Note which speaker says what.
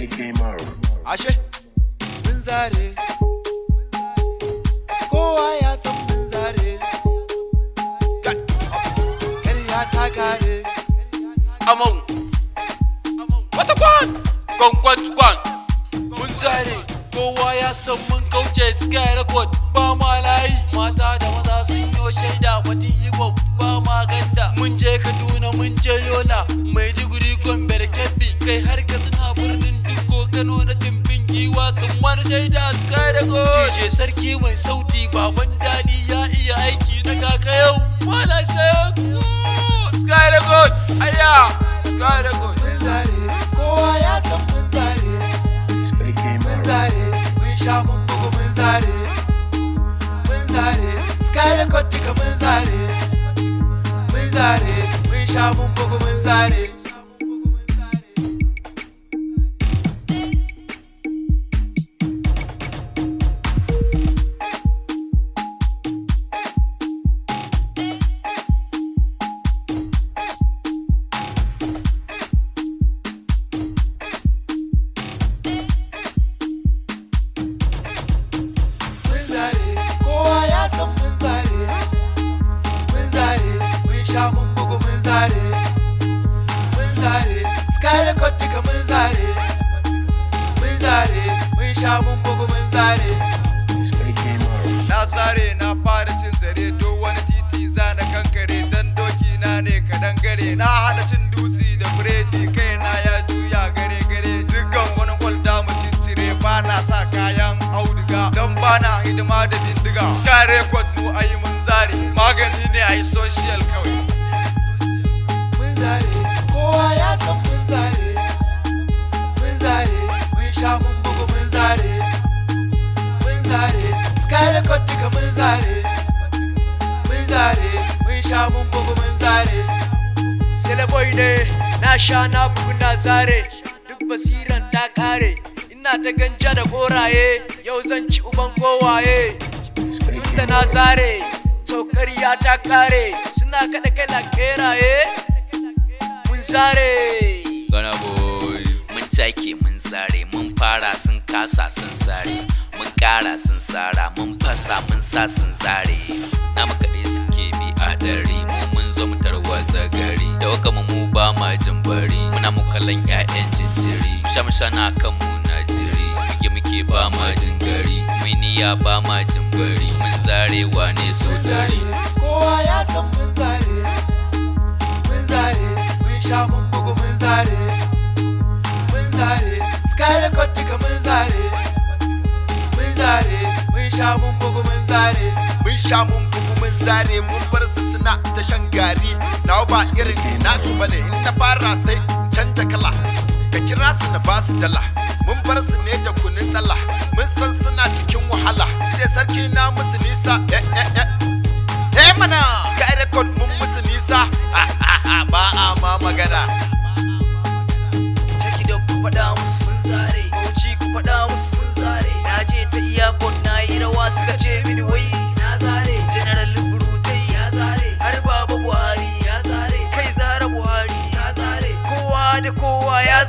Speaker 1: they came Ashe, mun zare. Kowa ya san mun zare. Karya ta kare. Amon. Wata kwan! Kwankwan kwan. Mun zare. Kowa ya san mun kauce sky record ba ma layi. Mata da maza sun yi shaida batun hip hop. kiwa sun wani shaida su kai da ko je sarki mai sauti baban daɗi ya iya aiki na kaka yau wala shayo sky record aya sky record mun zare kowa ya san mun zare mun zare mun sha mun bugu mun zare mun zare sky record duka mun zare mun zare mun sha mun bugu mun zare sha mun bugu mun zare mun zare sky record duka mun zare mun zare mun sha mun bugu mun zare na zare na fara cin zare do wani titi zana kankare dan doki na ne ka dangare na hada cin dutsi da biredi kai na ya juya gare gare dukkan wani kwalda mu cincire ba na sa kayan auduga dan ba na hidima da bindiga sky record mu ayi zari zare magani ne a yi social kawai mun zare kowa ya san mun zare mun zare mun sha mun bugu mun zare mun zare sky record duka mun zare mun zare mun sha mun bugu mun zare shalaboy ne na sha na bugu na zare duk basiran ta kare ina ta ganja da koraye yau zan ci uban gowaye tunda na zare to ya ta kare suna kaɗa kai eh mun zare gana boy mun take mun zare mun fara sun kasa sun sare mun kara sun sara mun fasa mun sa sun zare na muka dai suke bi a ɗari mu mun zo mu tarwasa gari da waka mu ba ma jin bari muna mu kallon 'ya'yan jinjiri shamsana sha na kan mu na jiri muke muke ba ma jin Ya ba ma jin bari mun zarewa ne so zare kowa ya san mun zare mun zare mun sha mun bugu mun zare mun zare sky record ka mun zare mun zare mun sha mun bugu mun zare mun sha mun bugu mun zare mun bar su suna ta shan gari na ba irin ne nasu bane in na fara sai can kala ka kira su na basu dala mun bar su ne da kunin tsala magana sky record mun musu nisa ba a ma magana check it ku faɗa musu sun zare bauchi ku faɗa musu sun zare na je ta iyakon na yi rawa suka ce mini wai na zare general burutai ya zare har baba buhari ya zare kai zara buhari ya zare kowa da kowa ya